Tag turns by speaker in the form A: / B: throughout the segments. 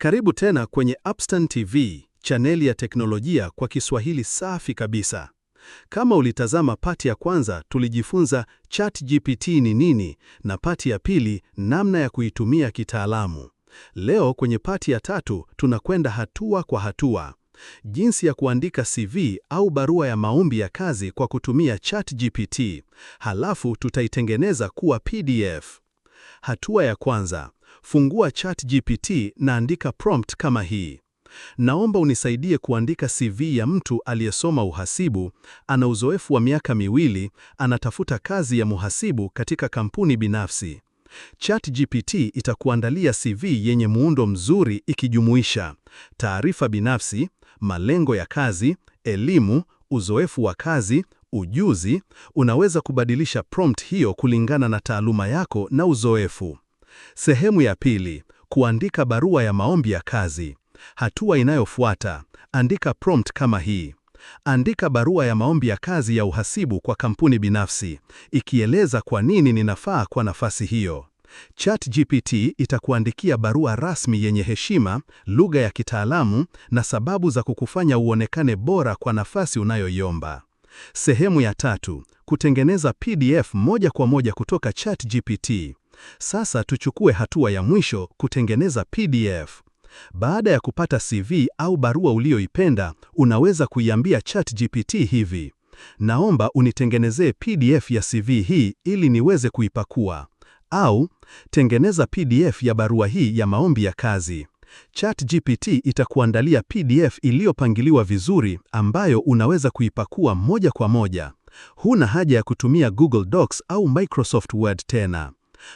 A: Karibu tena kwenye Upstan TV, chaneli ya teknolojia kwa Kiswahili safi kabisa. Kama ulitazama pati ya kwanza, tulijifunza ChatGPT ni nini na pati ya pili, namna ya kuitumia kitaalamu. Leo kwenye pati ya tatu tunakwenda hatua kwa hatua, jinsi ya kuandika CV au barua ya maombi ya kazi kwa kutumia ChatGPT. Halafu tutaitengeneza kuwa PDF. Hatua ya kwanza: Fungua GPT na andika prompt kama hii: naomba unisaidie kuandika CV ya mtu aliyesoma uhasibu, ana uzoefu wa miaka miwili, anatafuta kazi ya muhasibu katika kampuni binafsi. chat gpt itakuandalia CV yenye muundo mzuri ikijumuisha taarifa binafsi, malengo ya kazi, elimu, uzoefu wa kazi, ujuzi. Unaweza kubadilisha prompt hiyo kulingana na taaluma yako na uzoefu. Sehemu ya pili, kuandika barua ya maombi ya kazi. Hatua inayofuata, andika prompt kama hii. Andika barua ya maombi ya kazi ya uhasibu kwa kampuni binafsi, ikieleza kwa nini ninafaa kwa nafasi hiyo. ChatGPT itakuandikia barua rasmi yenye heshima, lugha ya kitaalamu na sababu za kukufanya uonekane bora kwa nafasi unayoiomba. Sehemu ya tatu, kutengeneza PDF moja kwa moja kutoka ChatGPT. Sasa tuchukue hatua ya mwisho kutengeneza PDF. Baada ya kupata CV au barua uliyoipenda, unaweza kuiambia ChatGPT hivi: naomba unitengenezee PDF ya CV hii ili niweze kuipakua, au tengeneza PDF ya barua hii ya maombi ya kazi. ChatGPT itakuandalia PDF iliyopangiliwa vizuri ambayo unaweza kuipakua moja kwa moja. Huna haja ya kutumia Google Docs au Microsoft Word tena.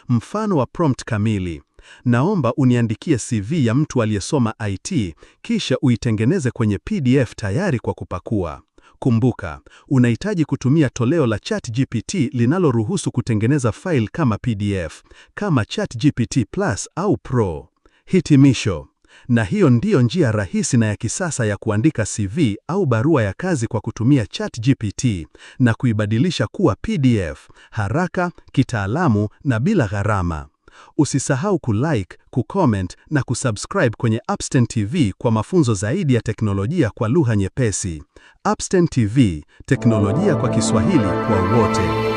A: Mfano wa prompt kamili: naomba uniandikie CV ya mtu aliyesoma IT, kisha uitengeneze kwenye PDF tayari kwa kupakua. Kumbuka, unahitaji kutumia toleo la ChatGPT linaloruhusu kutengeneza faili kama PDF, kama ChatGPT Plus au Pro. Hitimisho na hiyo ndiyo njia rahisi na ya kisasa ya kuandika CV au barua ya kazi kwa kutumia ChatGPT na kuibadilisha kuwa PDF, haraka, kitaalamu na bila gharama. Usisahau kulike, kucomment na kusubscribe kwenye Upstent TV kwa mafunzo zaidi ya teknolojia kwa lugha nyepesi. Upstent TV, teknolojia kwa Kiswahili kwa wote.